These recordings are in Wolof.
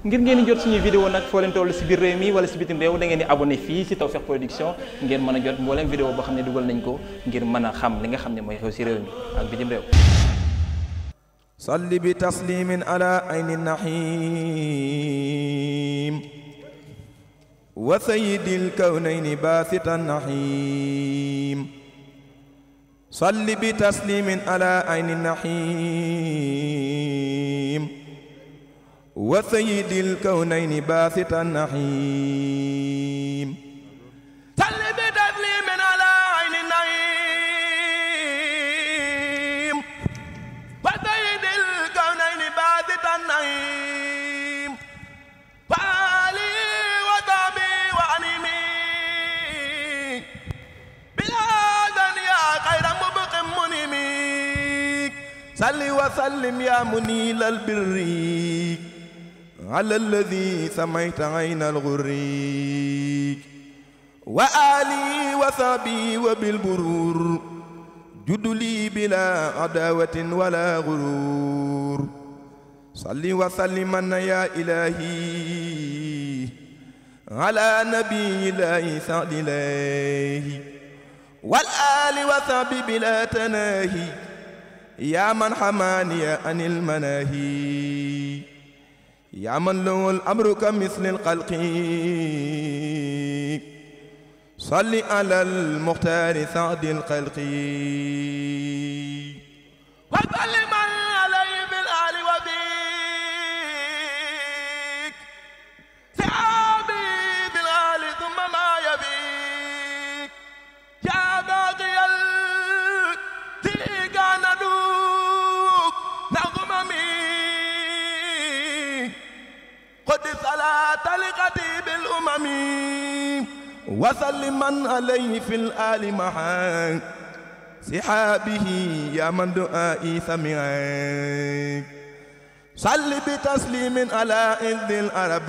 ngir ngeen di jot suñuy vidéo nag foo leen si biir réew mi wala si bitim réew da ngeen di abonné fii si Tawfekh Production ngeen mën a jot mbooleem vidéo boo xam ne dugal nañ ko ngir mën a xam li nga xam ne mooy xew si réew mi ak bitim réew salli ala ayni nahim wa sayyidil kawnayni baasitan nahim صل بتسليم على عين النحيم wa sayyidil kawnayni baasitan naxiim salli bi tasliimin alaa ayni naxiim wa sayyidil kawnayni baasitan naxiim wa aali wa saabi wa animi bilaadan yaa xayra mubqin munimi salli wa sallim yaa muniilal birri على الذي سميت عين الغريج وآلي وصحبي وبالبرور جد لي بلا عداوة ولا غرور صل وسلم يا إلهي على نبي الله صل إليه والآل وصحبي بلا تناهي يا من حماني عن المناهي yaa man lawul amru ka mislil xalqi salli alal muxtaari saadil xalqi وسلما عليه في الآل معاك سحابه يا من دعائي سمعك صل بتسليم على إذ العرب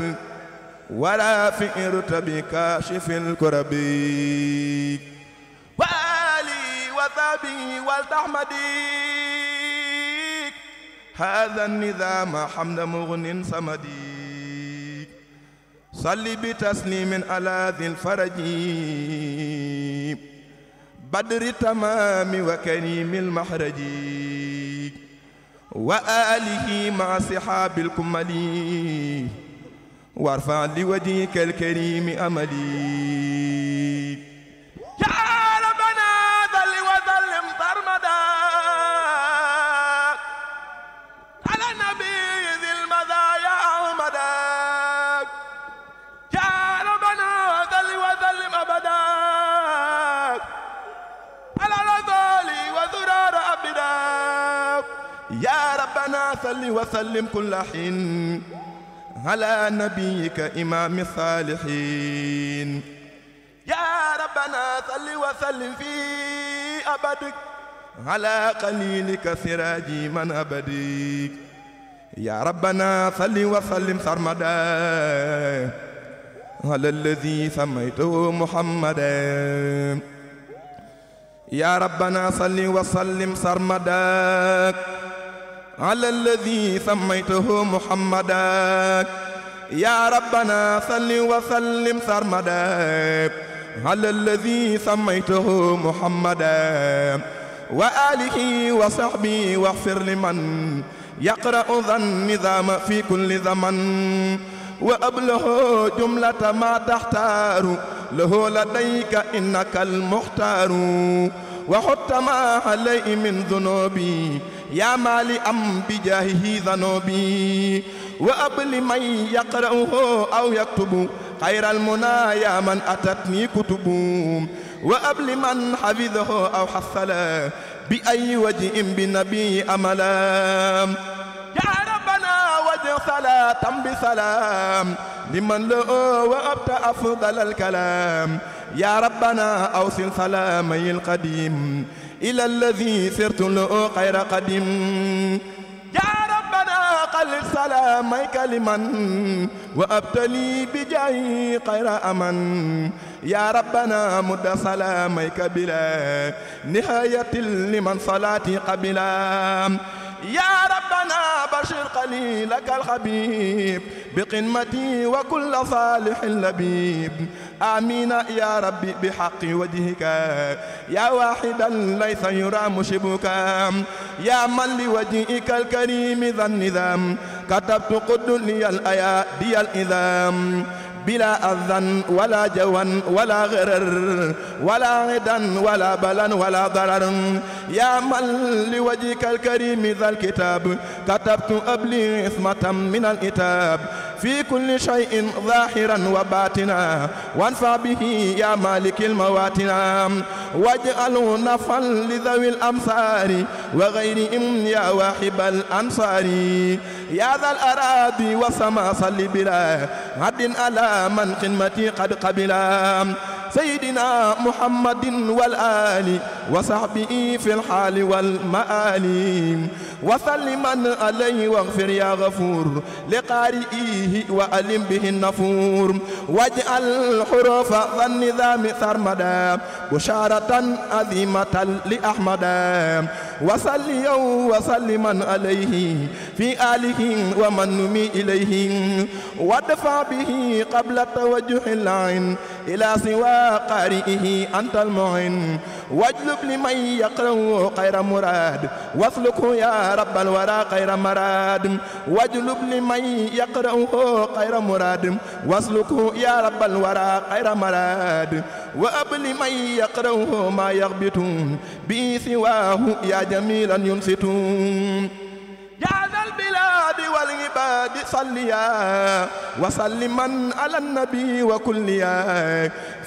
ورافع رتب كاشف الكرب وآلي وصحبه والتحمدي هذا النظام حمد مغن صمدي صل بتسليم على ذي الفرج بدر تمام وكريم المحرج وآله مع صحاب الكمل وارفع لوجهك الكريم أملي salli wa sallim kulla xiin ala nabiyyika imaami saalihiin yaa rabbanaa salli wa sallim fii abadik ala xaliilika siraaji man abadik yaa rabbanaa salli wa sallim sarmadan ala llazii sammaytahu muhammadan yaa rabbanaa salli wa sallim sarmadan على الذي سميته محمدا يا ربنا صل وسلم سرمدا على الذي سميته محمدا وآله وصحبه واغفر لمن يقرأ ذا النظام في كل زمن وأبله جملة ما تحتار له لديك إنك المختار وحط ما عليه من ذنوبي يا مالي أم بجاهه ذنوبي وأبل من يقرأه أو يكتب خير المنى يا من أتتني كتب وأبل من حفظه أو حصلا بأي وجه بنبي أملا يا ربنا وجه صلاة بسلام لمن له وأبت أفضل الكلام يا ربنا أوصل سلامي القديم إلى الذي سرت له خير قديم يا ربنا قل سلامك لمن وأبتلي بجاي خير أمن يا ربنا مد سلامك بلا نهاية لمن صلاتي قبلا yaa rabbana bashir qalilaka alxabib bi qimati wa kull saalixin labib amina ya rabbi bi xaqi wajhika ya waxidan laysa yura mushibuka ya man li wajhika alkarimi dha nidam katabtu quddu li al ayaadiya al idam بلا أذى ولا جوى ولا غرر ولا عدا ولا بلا ولا ضرر يا من لوجهك الكريم ذا الكتاب كتبت أبلي عصمة من الإتاب في كل شيء ظاهرا وباطنا وانفع به يا مالك المواتنا واجعله نفعا لذوي الأمصار وغيرهم يا واحب الأنصار يا ذا الأراضي والسماء صل بلا عبد على من خدمتي قد قبلا سيدنا محمد والآل وصحبه في الحال والمآل وسلما عليه واغفر يا غفور لقارئيه وألم به النفور واجعل حروف ذا النظام سرمدا بشارة عظيمة لأحمد وصليا وسلما عليه في آله ومن نمي إليه وادفع به قبل توجه العين إلى سوى قارئه أنت المعين واجلب لمن يقرأ خير مراد واسلكه يا يا رب الورى خير مراد واجلب لمن يقرأه خير مراد واسلكه يا رب الورى خير مراد وأبل من يقرأه ما يغبط به سواه يا جميلا ينصت يا ذا البلاد والعباد صليا وسلما على النبي وكليا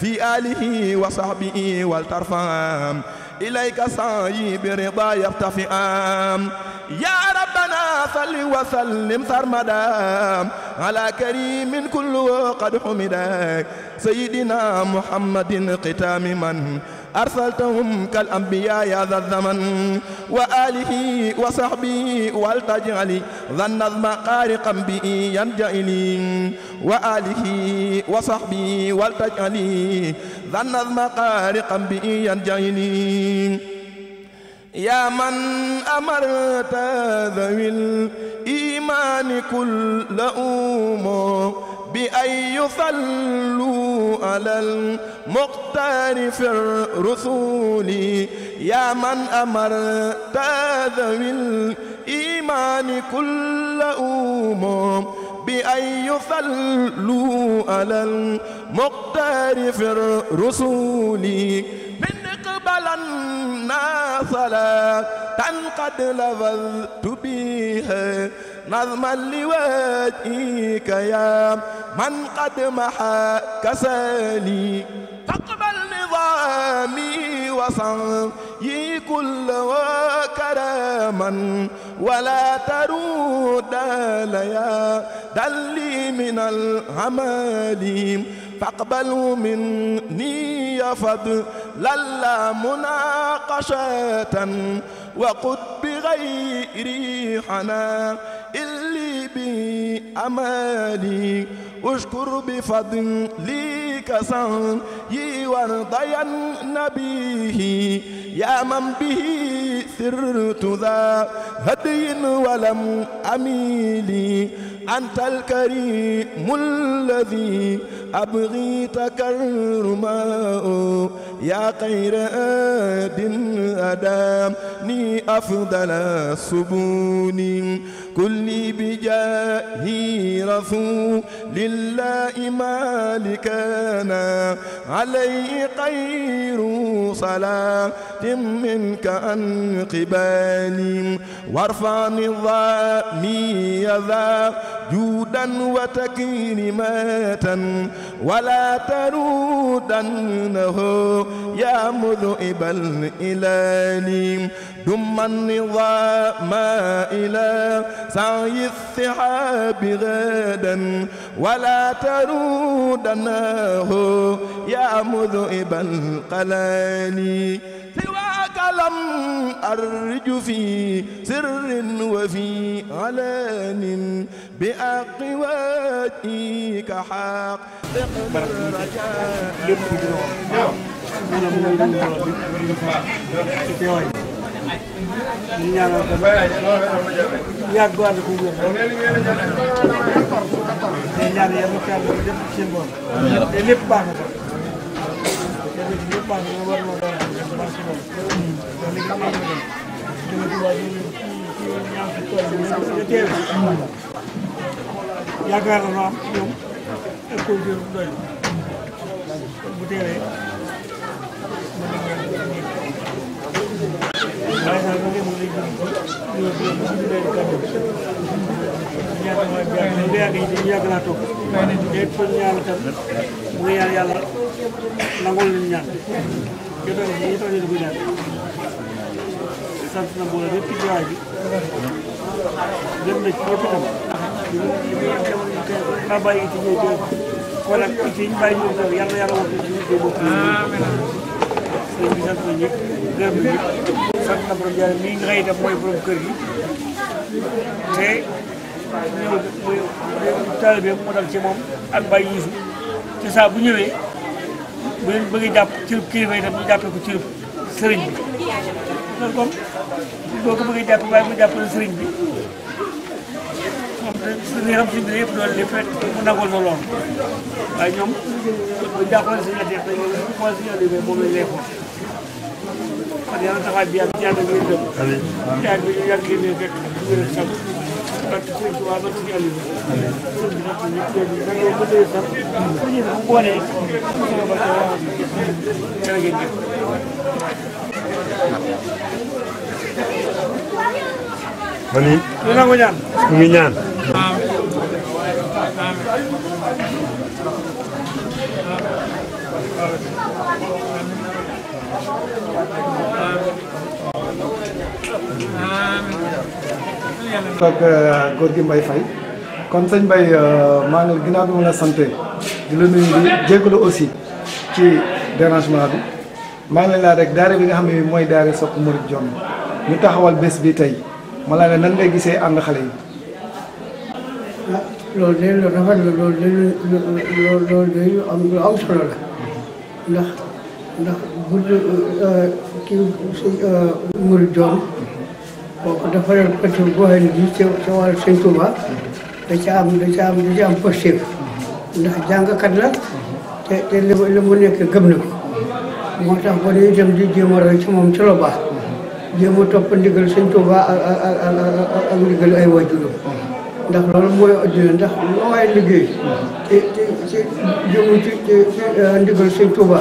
في آله وصحبه والترفام إليك سعي برضا يرتفعام yaa rabbana salli wa sallim sarmada ala karimin kullu qad humida sayyidina muhammadin qitami man arsaltahum kal anbiya ya dha zaman wa alihi wa sahbihi wal taj'ali dhan nazma qariqan bi yanja'ili wa alihi wa sahbihi wal taj'ali dhan nazma qariqan bi yanja'ili yaa man amarta zawil imaani kulla umo bi ay yusallu alal muxtaari fi rusuli yaa man amarta zawil imaani kulla umo bi ay yusallu alal muxtaari fir rusuli min qbalan na salaatan qad lafaztu biha nazman liwajhika ya man qad maha kasali faqbal nidaami wasan yi kulla wa karaman ولا ترود ليا دلي من العمال فاقبله مني فضلا لا مناقشة وقد بغير حنا إلي بأمالي أشكر بفضلي كسن وارضيا نبيه يا من به سرت ذا هدي ولم أميلي أنت الكريم الذي أبغي تكرما يا خير آد أدامني أفضل سبوني كلي بجاه رسولillah مالكنا عليه خير صلاة منك عن قبال وارفع نظامي ذا جودا وتكريما ولا ترودنه يا مذئب الإلال دم النظام إلى سعي السحاب غدا ولا ترودنه يا مذئب القلال سواك لم أرج في سر وفي علان بأ بالحق وأتيك حق فقد رجاء ñu ñaanal ko yàgg ànd ko wér te ñaan yàlla ko yàlla def seen borom te lépp baax na ko te lépp baax na war na baax si moom kon li nga xam ne dina ci waa ñu ñaan si tool bi ñu teew yaakaar na ñoom ak kaw bu teewee mën na ngeen waaye sax ba léegi lay jëm ñëw bi ñu bi ak bi ak ci jiwaay ci ñëpp ka bay iti ñëw dégg kon nag iti yi ñu bàyyi ñëw dégg yàlla yàlla wax bi sant na ñëpp gërëm na ñëpp sant na borom yàlla mii nga xëy itam mooy borom kër gi te muy ak bay saa bu ñëwee bu leen bëggee jàpp cërëb kilifa itam ñu jàppee ko cërëb sëriñ bi loolu comme boo ko bëggee jàpp bàyyi mu jàppale sëriñ bi suñu yaram si biir si ñetti di mën leen sax pour ñu bu boolee suñu ba taxawaay bi jërë ñaan. toog góor gi Mbaye Faye kon sëñ Mbaye maa ngi ginnaaw bi ma la santé di la nuyu di aussi ci dérangement bi maa ngi leen laa rek daare bi nga xam ne mooy daare Sopp Murid Jonn ñu taxawal bés bi tey ma la ne nan ngay gisee ànd xale yi loolu de lu loolu de lu am lu am solo la ndax ndax gudd uh, kii uh, muri doom kooku defaral ko ci goxen ji ci ci wàllu sëñ Tuuba da ca am da ca am da ca am positif ndax jàngkat la te li mu nekk gëm na ko moo tax ba ñuy dem di jéem a ci moom ci lu baax jéem a topp ndigal Tuuba ak ak ak ak ndigal ay waajuram ndax loolu mooy adduna ndax loo waaye liggéey te te te jéem ci ci uh, ndigal sëñ Tuuba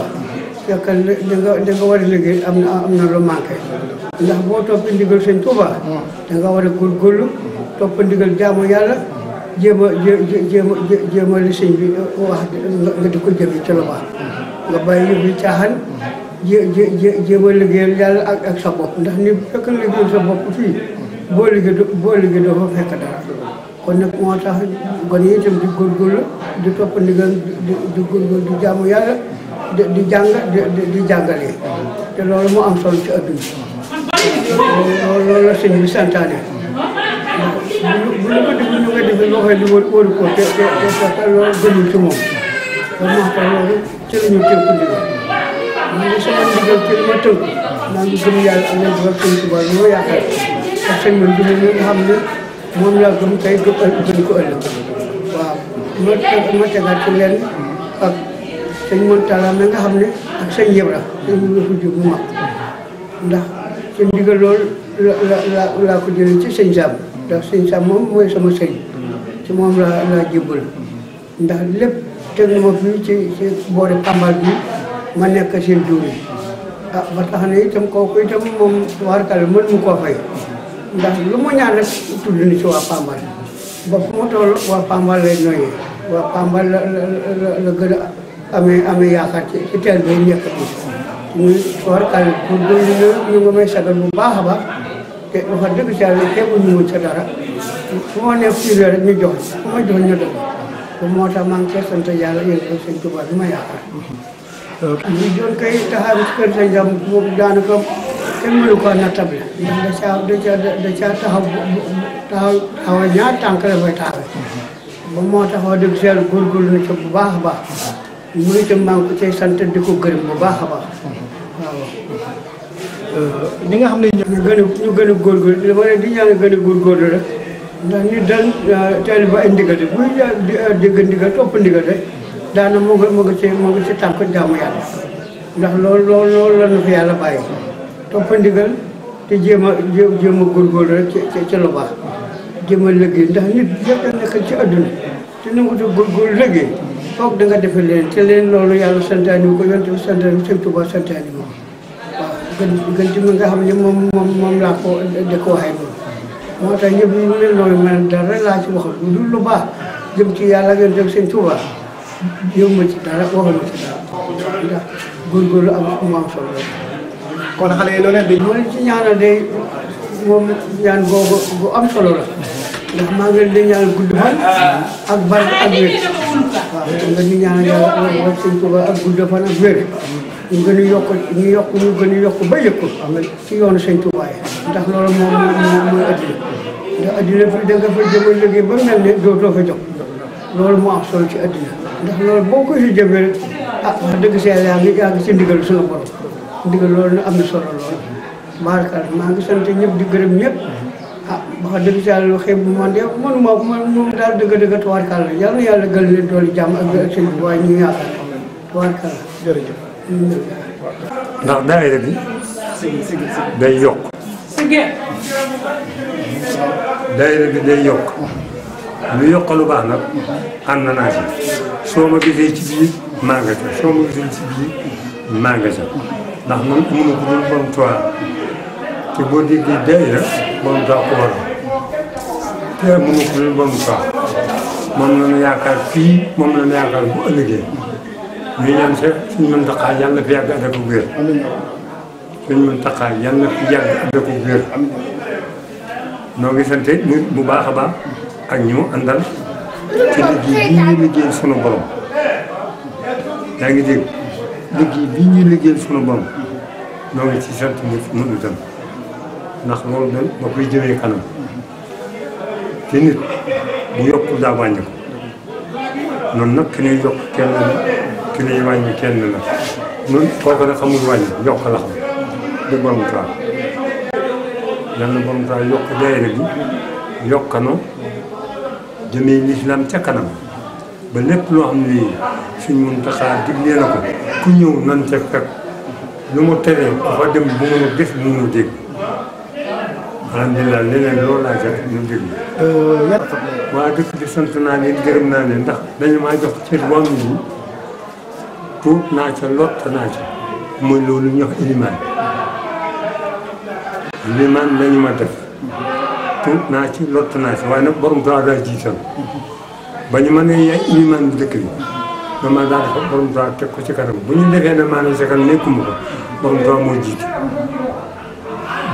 fekk li nga li nga war a liggéey am na am na lu manqué ndax boo toppee ndigal sëñ Tuuba da a góorgóorlu topp ndigal jaamu yàlla jéem a a jéem a li sëñ jé a liggéeyal yàlla ak ak sa bopp ndax ni fekk liggéeyal sa bopp fii boo liggéey boo liggéey fekk dara kon nag moo tax gone yi itam di góorgóorlu di topp ndigal di jaamu yàlla di jàng di jàngalee te loolu moo am solo ci adduna loolu loolu la sëñ bi santaane bu la ko def ñu nga ko te loolu gënul ci loolu ma tënk maa di wax sëñ Tuubaa lu ma yaakaar ak sëñ bi dina ñu nga xam ne ma tegaat ci sëñ Moutala mi nga xam ne ak sëñ Yebra sëñ Youssou Diop mu mag ndax ci ndigal loolu la la laa ci sëñ Sam ndax sëñ Sam moom mooy sama sëñ ci moom la laa ndax lépp teg na ci ci Pambal bi ma nekk seen jur ah, ba tax na itam kooku itam moom warkal mën mu koo fay ndax lu mu ñaan rek tudd na ci waa Pambal ba fu mu toll waa Pambal lay noyyee waa Pambal la la gën amee amee yaakaar ci ci teel bi nekk bi muy warkal bu ñu ñu nga sagal bu baax a baax te wax dëgg ci yàlla teewul ñu woon sa dara fu ma nekk ci réew rek ñu jox fu ma moo tax maa sant yàlla yéen ko sëñ Tuubaa bi ma yaakaar ñu doon koy taxaw ci kër sa jàmm boobu daanaka kenn mënu ko nattable ndax da caa da ñaar tànk la fay ba moo tax wax dëgg ci yàlla góorgóorlu na ca bu baax a baax mooy itam maa ngi sant di ko gërëm bu baax a baax waaw. li nga xam ne ñu gën a ñu gën a góorgóorlu li ma leen di ñaan gën a góorgóorlu rek ndax ñu dal teel ba ay ndigal de buy dégg ndigal topp ndigal rek daana moo ngi moo ngi ci ngi ci tànk jaamu yàlla ndax lool loolu loolu la ñu fi yàlla bàyyi topp ndigal te jéem a jéem a góorgóorlu rek eh, ci ci lu baax jéem a liggéey ndax nit yëpp nekk ci àdduna te nangu te góorgóorlu liggéey foog da nga defe leen te leen loolu yàlla santaani ko yonte bi santaani sëñ Tuubaa santaani ko waaw gën gën ci nga xam ne moom moom laa ko da ko waxee moom moo tax ñëpp ñu leen loolu man dara laa ci waxal lu lu baax jëm ci yàlla yonte bi sëñ Tuubaa yow ci dara waxal ma ci dara ndax góorgóorlu am mu am solo kon xale yi bu am solo la. ndax maa ngi leen di gudd fan ak barke ak wér waaw nga di ñaanal yàlla wax sëñ Tuuba ak gudd fan ak wér ñu gën yokk ñu yokk ñu gën yokk ba yëg ko am ci yoonu sëñ Tuuba yi ndax loolu moom moom mooy addina ndax addina fi da fa jëm a liggéey ba mel ne dootoo fa jox loolu moo am solo ci addina ndax loolu boo ko si jëmee rek ah wax dëgg si yaa ngi yaa ngi si ndigal suñu borom ndigal loolu na am na solo lool barkal maa ngi sant ñëpp di gërëm ah wax dëgg yàlla lu xeeb bu de mënuma moom daal dëgg-dëgg tubaarkàlla yàlla yàlla gën leen doolu jàmm ak sëñ waaye ndax daayira bi day yokk. daayira bi day yokk. lu yokk lu baax nag ànd naa si soo ma gisee ci biir maa nga soo ma gisee ci biir maa ndax man amul ko dul borom ci boo déggee daayira borom taa ko waral te mënu ko lu borom moom la ñu yaakaar fii moom la ñu yaakaar bu ëllëgee ñu ñaan sax suñu mën taxaa yàlla na fi yàgg ànd ak wér suñu mën taxaa yàlla na fi yàgg ànd ak wér bu baax a baax ak ñu àndal ci liggéey bii ñu liggéey sunu borom yaa ngi dégg liggéey bii ñu liggéey sunu borom noo ngi ci sant mu mënu tam ndax loolu dañ moo koy jëmee kanam te nit bu yokk daa wàññi ko noonu nag ki ñuy yokk kenn la ki ñuy wàññi kenn la noonu kooku nag xamul wàññi yokk la xam di borom taal yàlla borom taal bi yokk jëmee lislaam ca kanam ba lépp loo xam ne suñ mun taxaa diglee na ko ku ñëw nan ca fekk lu mu teree dafa dem bu mën a def bu mën dégg alhamdulilah leneen loolu laa jot ñu déglu. Euh, waa dëkk bi sant naa leen gërëm naa leen ndax dañu maa jox cër bu am ji tuut naa ca lott naa ca mooy loolu ñuy wax limaan lañu ma def tuut naa ci lott naa ci waaye nag borom daal daal jiital ba ñu mën a yaay limaan bu dëkk bi dama daal dafa borom daal teg ko ci kanam bu ñu defee ne sa kanam nekkuma ko borom daal moo jiite.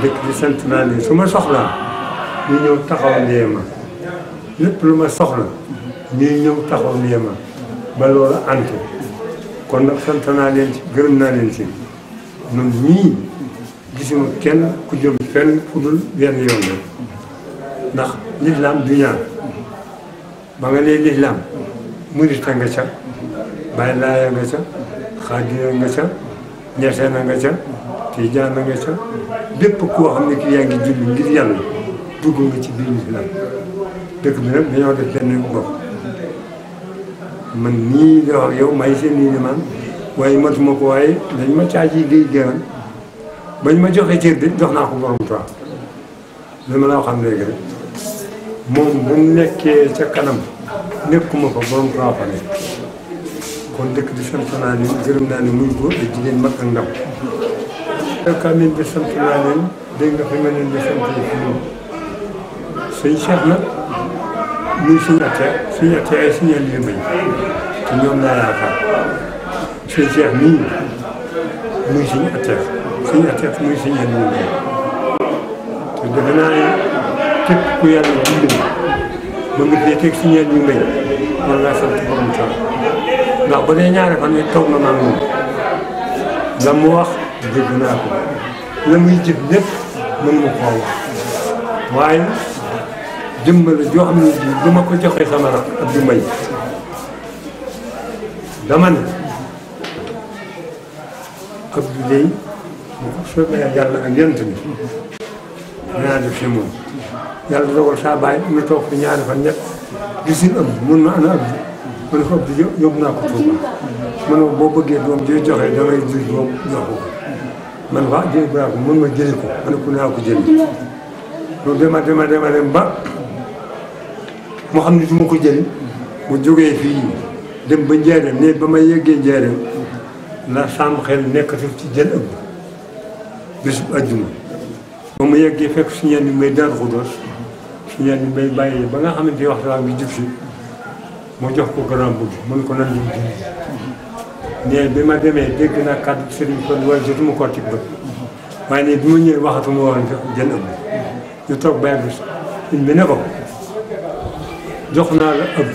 dëkk bi sant naa leen su ma soxlaa ñu ñëw taxaw nee ma lépp lu ma soxla ñuy ñëw taxaw nee ma ba loolu antu kon nag naa leen ci gërëm naa leen ci ñun ñii gisuma kenn ku jëm fenn fu dul wenn yoon la ndax lislaam du ñaar ba nga nee lislaam murita nga ca bàyyi laaya nga ca xaadira nga ca ñesee na nga ca jaan na nga ca bépp koo xam ne ki yaa ngi julli ngir yàlla dugg nga ci biir lislaam dëkk bi nag dañoo def benn bopp man yow may seen waaye matuma ko waaye dañ ma caaj yi géej bañ ma joxe cër bi jox naa ko borom toi li ma la xam léegi rek moom bu nekkee ca kanam nekkuma ko borom toi fa nekk kon dëkk di sant naa ni gërëm naa ni muy góor ak jigéen mag ak ndaw kaamil bi sant naa leen dégg nga fi ma leen la sant yi fi ñoom sëñ Cheikh nag muy suñu ay suñu liggéey bañ te ñoom laa yaakaar sëñ Cheikh nii muy ku yàlla dimbali ba nga dee teg suñu liggéey bañ man laa sant borom taal ndax ba dee ñaari fan yi toog na maam moom la mu wax dégg naa ko la muy jëf lépp joo xam ne ji du ma ko joxe sama rakk ak du may ko soobee yàlla ak yent bi danaa def si moom yàlla dogal saa bàyyi ñu toog fi ñaari fan ñett gisuñ am mun na ana Abdou ma ne ko Abdou yóbbu naa ko Tuuba ma boo bëggee doom jooy joxe damay jur doom jox man wax jël bravo mën ma jëli ko ma ko naa ko jëli loolu dema dema dema dem ba mu xam ni du ma ko jëli mu jógee fii dem ba njaareem ne ba may yeggee njaareem la saam xel nekkatul ci jël ëpp bésub àjjuma ba mu yeggee fekk ci ñeen ñu may daal xudoos su ñeen ñu may bàyyi ba nga xamante waxtaan bi jub si mu jox ko grand bu mën ko nan lu ne bi ma demee dégg naa kàddu sëriñ kon waaye jotuma koo ci bët waaye ne bi ma ñëwee waxatuma woon jën ëpp ñu toog bay bi suñ bi ne ko jox naa la ëpp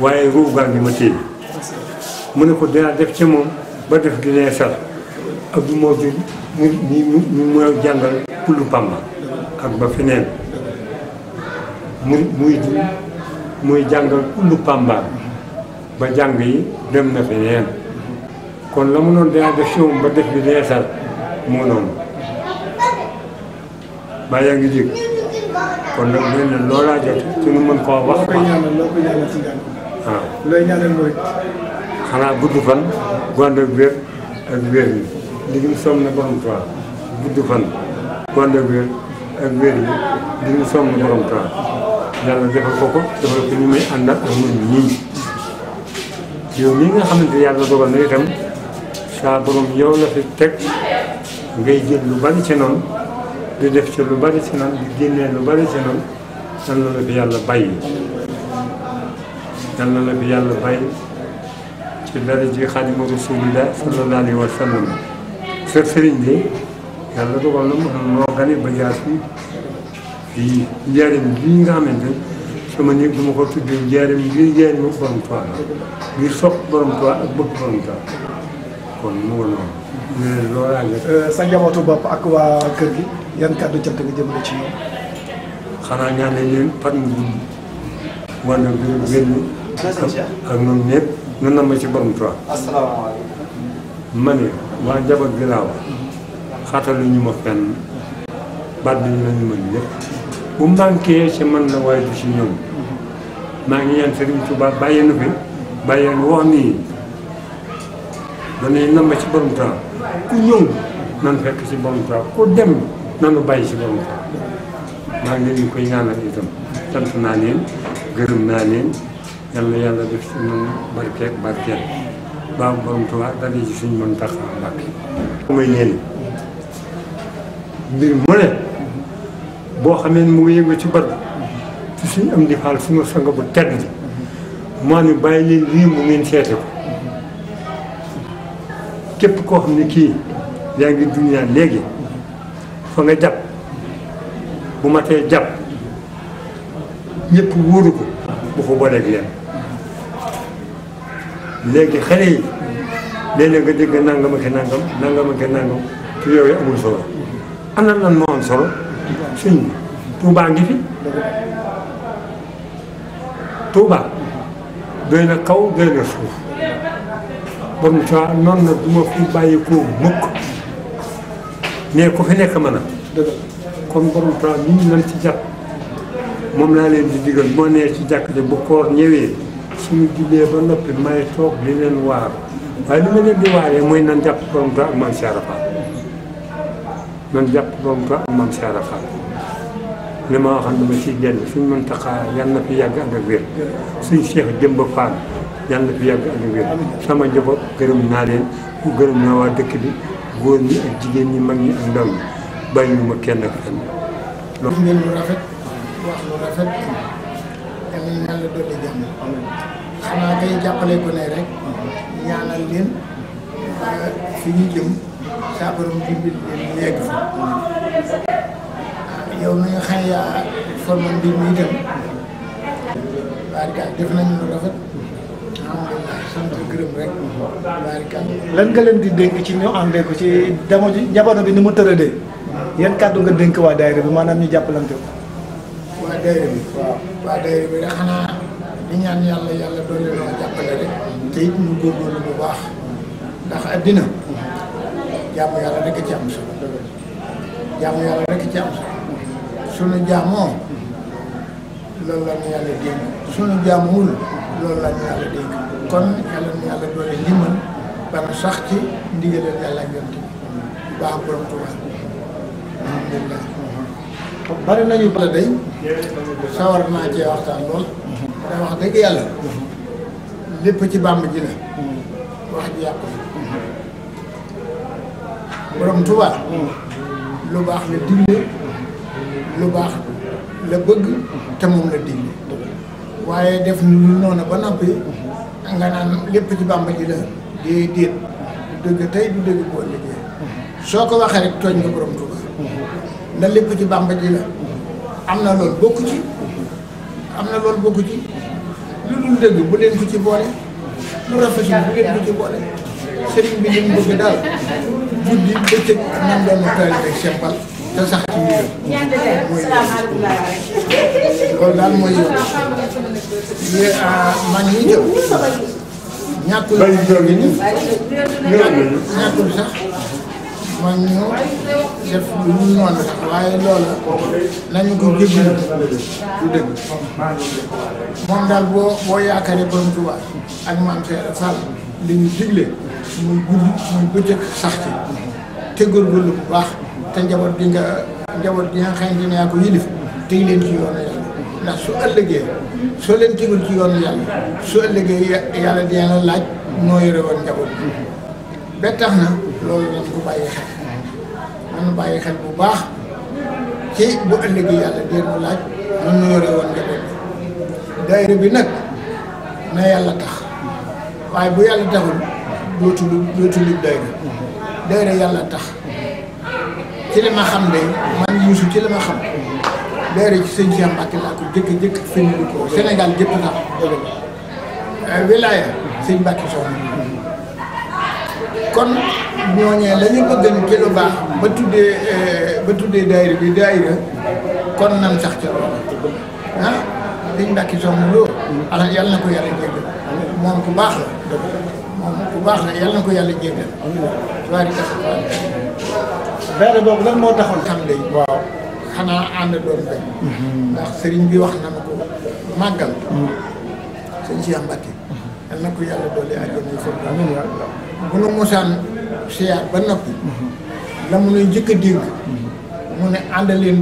waaye ruub gaa ngi ma téye mu ne ko dinaa def ci moom ba def di leen sal Abdou moo jur mu mu mu jàngal kullu Pamba ak ba muy muy muy jàngal ba jàng yi dem na fi yeen kon la mu noonu def si moom ba def bi leesal moo noonu ba yaa ngi dégg kon nag leen na loolaa jot ci nu mën koo wax waaw ah. looy ñaanal mooy xanaa gudd fan gonde wér ak wér yi liggum somm na borom toir gudd fan gonde wér ak wér yi liggum somm na borom toir yàlla defal ko ko defal ko ñu may àndal ak ñun ñii yow mi nga xamante ni yàlla dogal na itam saa yow la fi teg ngay jël lu bari ci noonu di def ci lu bari ci noonu di génnee lu bari ci noonu yàlla la fi yàlla bàyyi yàlla la fi yàlla bàyyi ci dara ji xaadimu rasulillah sallallahu alayhi wa sëriñ bi yàlla dogal na mu xam moo gane ba jaar fii di bii nga xamante sama néeg bu ma ko tuddee njaareem ngir njaareemu borom Tuubaa ngir sopp borom Tuubaa ak bëgg borom Tuubaa kon mu ngi noonu. loolu euh, ak waa kër gi yan kàddu cant nga jëmale ci ñoom. xanaa ma ci borom Tuubaa. asalaamaaleykum. waa njaboot gi laa wax xatal ñu ma fenn baat bi ñu ne ñu bu manqué ci man la waaye du ci ñoom maa ngi ñaan Serigne Touba bàyyi na fi bàyyi na wax nii dañuy namm ci borom taa ku ñëw nan fekk ci borom taa ku dem nanu bàyyi ci borom taa maa ngi leen koy ñaanal itam sant naa leen gërëm naa leen yàlla yàlla def ci ñun barkeek barkeek baabu borom taa dalee ci suñ mën tax a mbàkk mooy leen mbir mu ne boo xamee mu ngi ci barab te suñ am di faal suma sanga bu tedd bi moo ne bàyyi leen lii mu ngeen seete ko képp koo xam ne kii yaa ngi duniyaa léegi fa nga jàpp bu ma tee jàpp ñëpp wóoru ko bu ko booleeg leen léegi xale yi léeg-léeg nga dégg nangam ak nangam nangam ak nangam te yooyu amul solo ana lan moo am solo sëñ bi Touba ngi fi Touba doy na kaw doy na suuf ba mu saa noonu na du ma fi bàyyi koo mukk mais ku fi nekk mën a kon borom ta ñi ñu nan ci jàpp moom laa leen di digal moo nee ci jàkk de bu koor ñëwee suñu jullee ba noppi may toog di leen waar waaye li ma leen di waaree mooy nan jàpp borom ta ak maam Cheikh man jàpp boobu ba am maam Cheikh Fall li ma waxoon dama ciy génn suñ Muntaxa yal na fi yàgg ak wér suñ Cheikh Jëmba Fall yal na fi yàgg ak wér sama njaboot gërëm naa leen gërëm naa waa dëkk bi góor ñi ak jigéen ñi mag ñi ak ndaw ñi bàyyiwuma kenn ak loolu ngeen lu rafet wax lu rafet na yàlla rek saa borom dimbali yegg ah, yow mi nga xam yaa formé mbir mi itam. barika def nañu lu rafet. alhamdulilah sant gërëm rek. barika lan nga leen di dénk ci ñu àndee ko ci dama ji jamono bi ni mu tëradee. yan kàddu nga dénk waa daayira bi maanaam ñu jàppalante ko. waa daayira bi. waaw waa daayira bi rek xanaa di ñaan yàlla yàlla doole loo jàppale rek. te it ñu góorgóorlu bu baax. ndax addina. jaamu yàlla rek ci am solo jaamu yàlla rek ci am solo sunu jaamoo loolu la ñu yàlla dénk sunu jaamuwul loolu la ñu yàlla dénk kon yàlla na yàlla doole limal ba nga sax ci ndigalal yàlla ak yonent bi baax borom bari nañu bala day sawar naa cee waxtaan lool da wax dëgg yàlla lépp ci bàmb ji la wax ji yàqu borom Tuubaa lu baax la digle lu baax la bëgg te moom la digle waaye def lu noonu ba noppi nga naan lépp ci Bàmba ji la dee déet du dëgg tey du dëgg boo liggéey soo ko waxee rek tooñ nga borom Tuubaa ndax lépp ci Bàmba ji la am na loolu bokku ci am na lool bokku ci lu dul dëgg bu leen ko ci boole lu rafet bu leen ko ci boole sëriñ bi ñu bëgg daal guddi bëccëg nam doon na taal rek Cheikh Fall te sax ci biir loolu daal mooy yow li mag ñu def lu moom daal boo boo yaakaaree borom Tuubaa ak maam Cheikh Fall li ñu digle muy guddi bu baax te njaboot bi nga njaboot bi nga xam ne yaa su ëllëgee soo leen tegul ci yoonu yàlla su ëllëgee yàlla dina la laaj noo yore woon njaboot bi ba tax na loolu lañ ko bàyyi xel man bàyyi xel bu baax ci bu ëllëgee yàlla dina la laaj man noo yore woon njaboot bi daayira bi nag na yàlla tax waaye bu yàlla taxul dootu lu dootu lu doy na doy na yàlla tax ci la ma xam de man yuusu ci la ma xam doy ci sëñ Cheikh Mbacke laa ko jëkk jëkk fenn Sénégal jëpp sax dëgg euh, wilaaya sëñ Mbacke soxna kon ñooñee la ñu bëgg ci lu baax ba tuddee euh, ba tuddee daayira bi daayira kon nan sax ca loolu ah liñ mbàkki soxna loolu alors yàlla na ko yàlla jéggal moom ku baax la bu baax la yàlla na ko yàlla jéggal. amiin boobu lan moo taxoon tam lay. waaw xanaa ànd doon benn. Mm-hmm. ndax sëriñ bi wax na ma ko màggal. Mm-hmm. sëñ Cheikh Mbacke. Mm-hmm. yal na ko yàlla dolli àjjana yu foofu. amiin bu ba noppi. njëkk a dégg. leen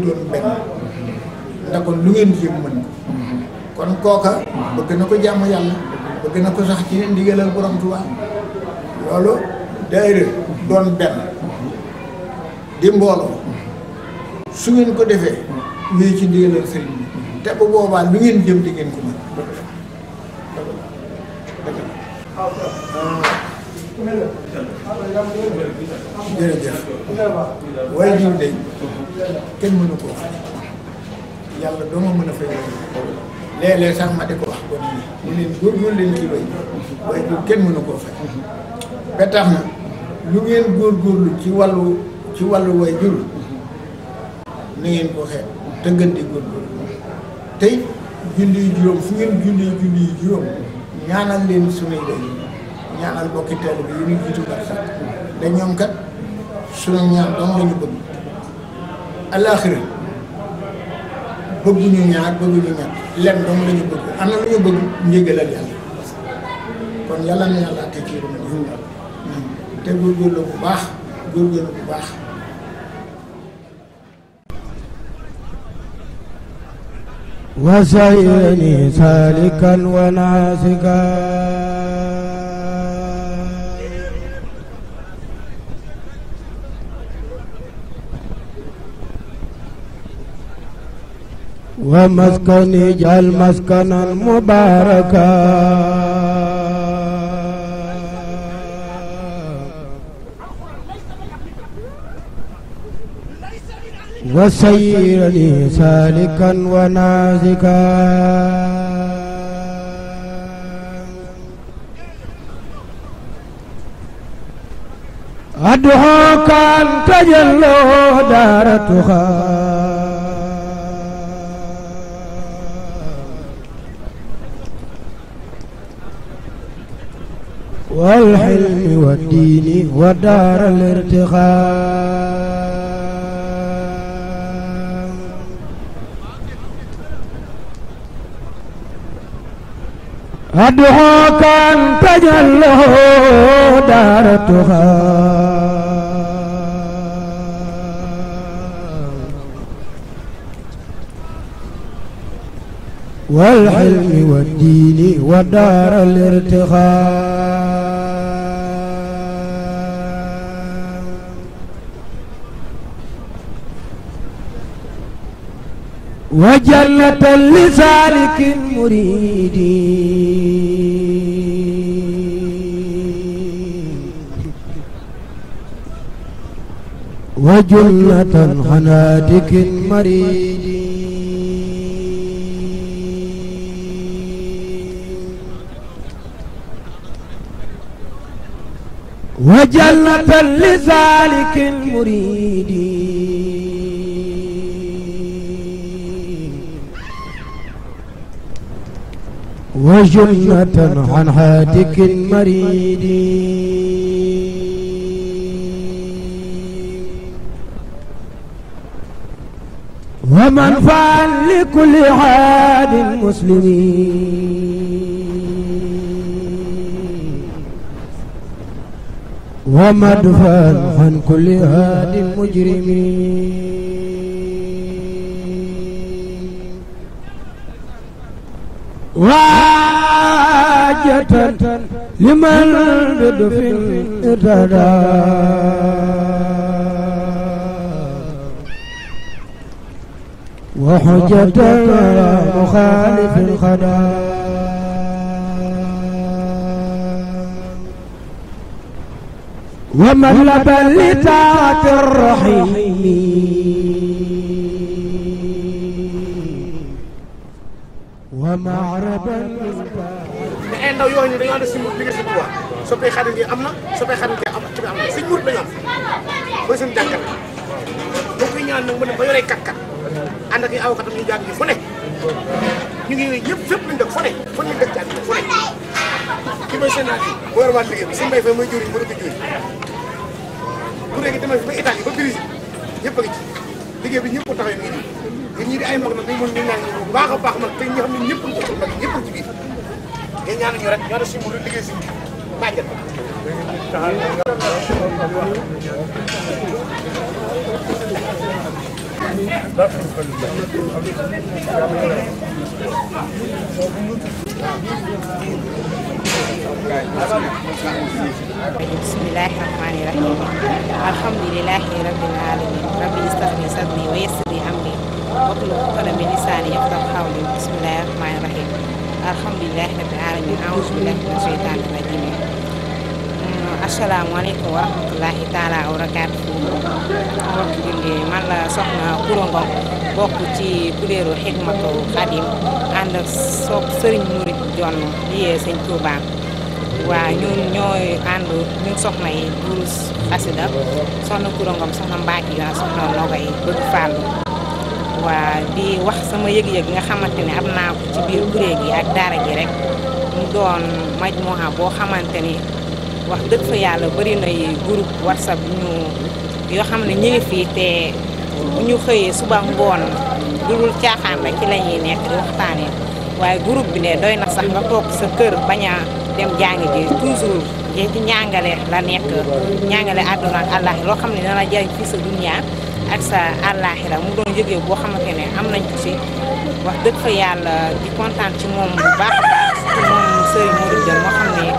doon lu ngeen jéem mën ko. ko jàmm yàlla. bëgg na ko sax ci ndigalal borom Tuubaa. loolu daayira doon benn di mbooloo su ngeen ko defee wéy ci ndigalal sëriñ bi te bu boobaa lu ngeen jëm di ngeen ko mën jërëjëf waaye jiw de kenn mënu koo fay yàlla doo ma mën a fay léeg-léeg sax ma di ko wax ko nii mu leen góorgóorlu leen ci bay waaye jiw kenn mënu koo fay ba tax na lu ngeen góor ci ci wàllu way jur na ngeen ko xeet te gën di tey julli juróom fu ngeen julli juróom ñaanal leen sunuy day ñaanal bokki teel bi yu ñu jiitu bar sax kat sunu ñaan dong la ñu bëgg alaaxira bëgguñu ñaar bëgguñu ñaar lenn dong la ñu am na lu ñu bëgg njëgalal kon yàlla na yàlla te ci te góorgóorlu bu baax góorgóorlu bu baax. وسيرني سالكا وناسكا ومسكني جعل مسكنا مباركا وسيرني سالكا ونازكا أدعوك أن تجلو دارتها والحلم والدين ودار الارتخاء أدعوك أن تجعل له دارتها والحلم والدين ودار الارتخاء وجنة لسالك مريد وجنة خناتك مريد وجنة لسالك مريد وجنة عن هاتك مريد ومنفعا لكل عاد مسلمين ومدفعا عن كل عاد مجرمين Wow! حجة لمن بدف ارتدى وحجة مخالف خدا ومطلبا لطاعة الرحيم ومعربا ndaw yoo xam ne dañoo ànd si murit liggéey si Tuubaa soppee xarit gi am na soppee xarit gi am ci am na sëñ murit lañu am mooy seen jàngat boo koy ñaan nag mu ne ba yoree kat kat ànd ak ay awkatam ñu jàng ji fu ne ñu ngi ñëpp fépp lañ dëkk fu ne fu ne dëkk jàng ji fu ne ki may seen naat yi boo yor waat liggéey bi sëñ Mbay Fay mooy jëriñ mu dëkk jëriñ kuréel gi demee fi ba Italie ba Brésil ñëpp a ngi ci liggéey bi ñëpp ko taxawee mi ngi ñi di ay mag nag ñu mën ñu naan bu baax a baax nag te ñi xam ne ñëpp ñëpp ci biir ngeen ñaanal ñu rek ñoo ne suñu mënul liggéey si màgget. bismillahi rahmani rahim alhamdulilahi rabbil alamin rabbi istahni sadri wa yassir li amri wahlul uqdatan min lisani yafqahu qawli bismillahi rahmani rahim alhamdulilah rabbil alamin auzu billahi mina sheytaani rajim mm, asalaamaaleykum wa rahmatulahi taala wa barakaatu mbokk julli man la soxna Koura bokk ci kuréelu xidmatu xadim ànd ak soog sëriñ murit jonn liyee sëñ Touba waaw ñun ñooy ànd ñun soxna yi duus xasida soxna Koura Ngom soxna mbaak soxna nogo yi bëgg fàllu waa di wax sama yëg-yëg nga xamante ne am naa ko ci biir kuréel gi ak daara ji rek mu doon majmuha boo xamante ni wax dëgg yàlla bëri na yi groupe whatsapp ñu yoo xam ne ñu ngi fii te bu ñu xëyee suba ngoon dulul caaxaan la ci la ñuy nekk di waxtaanee waaye groupe bi ne doy na sax nga toog sa kër bañ a dem jàngi ji toujours ci njàngale la nekk njàngale àdduna ak loo xam ne dana jariñ fii sa dunya ak sa àllaaxira mu doon yëgee boo xamante ne am nañ ko si wax dëgg fa yàlla di kontaan ci moom bu baax baax moom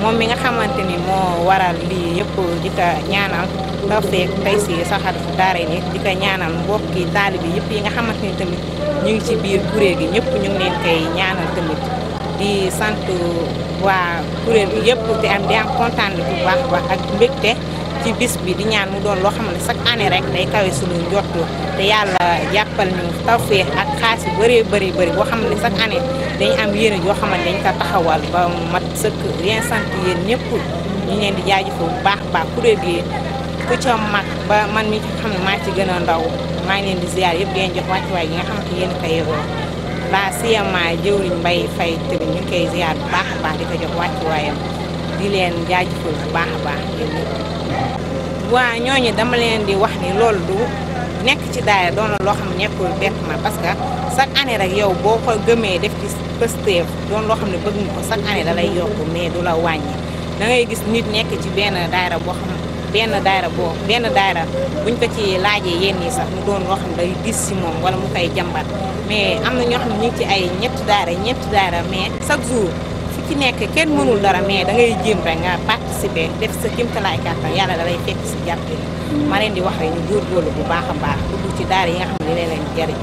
moom mi nga xamante ni moo waral lii yëpp di ko ñaanal tawfeex tey si saxar daara ni di ko ñaanal mbokki taalibe yëpp yi nga xamante ni tamit ñu ngi ci biir kuréel gi ñëpp ñu ngi leen koy ñaanal tamit di sant waa kuréel bi te am di am kontaan bu baax baax ak mbégte. ci bis bi di ñaan mu doon loo xam ne chaque année rek day kawe suñu njortu te yàlla jàppal ñu tawféex ak xaas yu bëree bëri bëri boo xam ne chaque année dañ am yéene yoo xam ne dañ ko taxawal ba mat sëkk rien sant yéen ñëpp ñu leen di jaajëfal bu baax baax kuréel gi ku ca mag ba man mi ci xam ne maa ci gën a ndaw maa ngi leen di ziar yëpp di leen jox wàccuwaay yi nga xam ne yéen koy yëgoo la siyama jëwriñ Mbay Fay tamit ñu ngi koy ziar bu baax a baax di ko jox wàccuwaayam di leen jaajëfal bu baax a baax yéen ñëpp waa ñooñu dama leen di wax ni loolu du nekk ci daaya doon loo xam nekkul bett ma parce que chaque année rek yow boo ko gëmee def ci pësteef doon loo xam ne bëgg nga ko chaque année da lay yokk mais du la wàññi da ngay gis nit nekk ci benn daara boo xam benn daara boo benn daara buñ ko ci laajee yenn yi sax mu doon loo xam day dis si moom wala mu koy jàmbat mais am na ñoo xam ne ñu ci ay ñett daayra ñetti daara mais chaque jour fi nekk kenn mënul dara mais dangay ngay jéem rek nga participer def sa kéemtalaay kàttan yàlla da lay fekk si jàppale. ma leen di wax rek ñu góorgóorlu bu baax a baax dugg ci daara yi nga xam ne leen leen jariñ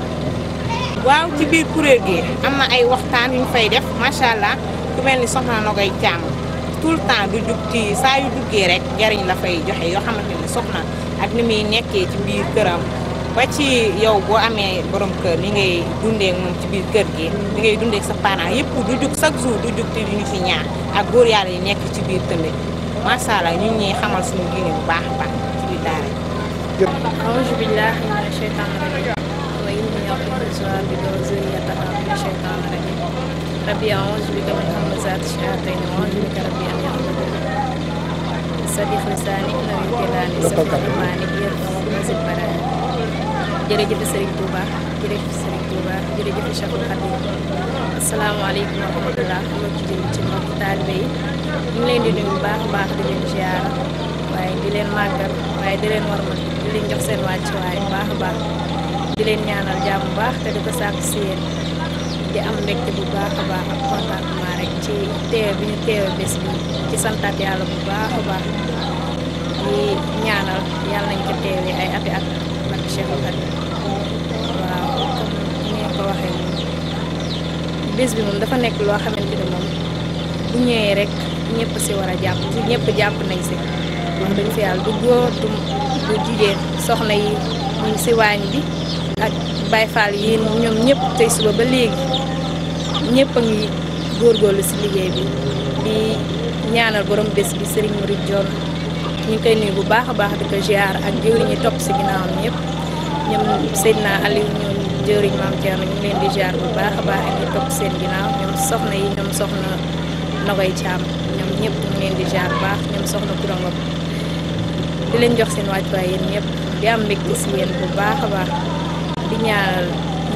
waaw ci biir kuréel gi am na ay waxtaan yu ñu fay def macha allah ku mel ni soxna na koy càmm tout le temps du jug ci saa yu duggee rek jariñ la fay joxe yoo xamante ni soxna ak ni muy nekkee ci biir këram. ba ci yow boo amee borom kër ni ngay dundee moom ci biir kër gi ni ngay dundee sa parent yëpp du jug chaque du jug te du ñu fi ñaar ak góor yàlla yi nekk ci biir tamit macha allah ñu ñuy xamal suñu diine bu baax a baax ci biir daara ji. auzu billaahi mina sheytaani rajiim. wa inni u'iiduhaa bika wa zurriyyatahaa mina sheytaani rajiim. rabbi auzu bika min hamazaati shayaatiin wa auzu bika rabbi an yahduruun. saddiq lisaani nawwir janaani jërëjëf Serigne Touba jërëjëf Serigne Touba jërëjëf Cheikhul Khadim asalaamaaleykum wa rahmatulah loo ci bu baax a baax di leen ziar waaye di leen màggal waaye di leen war seen wàccuwaay bu baax baax di leen ñaanal jàmm bu baax te di ko sàkk si yéen di am mbégte bu baax a baax ak contentement rek ci teewe bi ñu teewe bés ci santat yàlla bu baax a baax di ñaanal yàlla nañ ko teewee ay ati at Cheikhul Khadim waaw comme ko waxee bés bi moom dafa nekk loo xamante ni moom bu ñëwee rek ñépp si war a jàpp si ñëpp jàpp nañ si wax dëgg fi jigéen soxna yi ñu si waañ bi ak Baye Fall yi ñoom ñëpp tey suba ba léegi ñépp a ngi góorgóorlu si liggéey bi di ñaanal borom bés bi Serigne Mouride Dior ñu koy nuyu bu baax a baax di ko ziar ak jëwriñ ñi topp si ginnaawam ñëpp. ñoom Seydina Aliou ñoom jëriñ maam Thierno ñu leen di jaar bu baax a baax ak ñu topp seen ginnaaw ñoom soxna yi ñoom soxna Nogoy Thiam ñoom ñëpp leen di jaar baax ñoom soxna Kurangom di leen jox seen wàccuwaay yéen ñëpp di bu baax a baax di ñaanal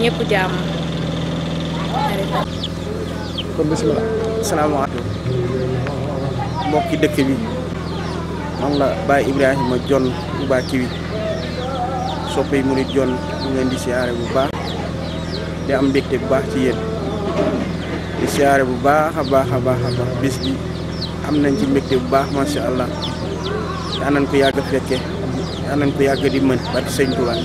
ñëpp jàmm. mbokki dëkk bi man la Baye Ibrahima John Touba Kiwi. soppay murit John ñu ngeen di siyaare bu baax di am mbégte bu baax ci yéen di siyaare bu baax a baax a baax a baax bis bi am nañ ci mbégte bu baax macha allah yaa nañ ko yàgg a fekke yaa nañ ko yàgg di mën ba ci sëñ Tuubaa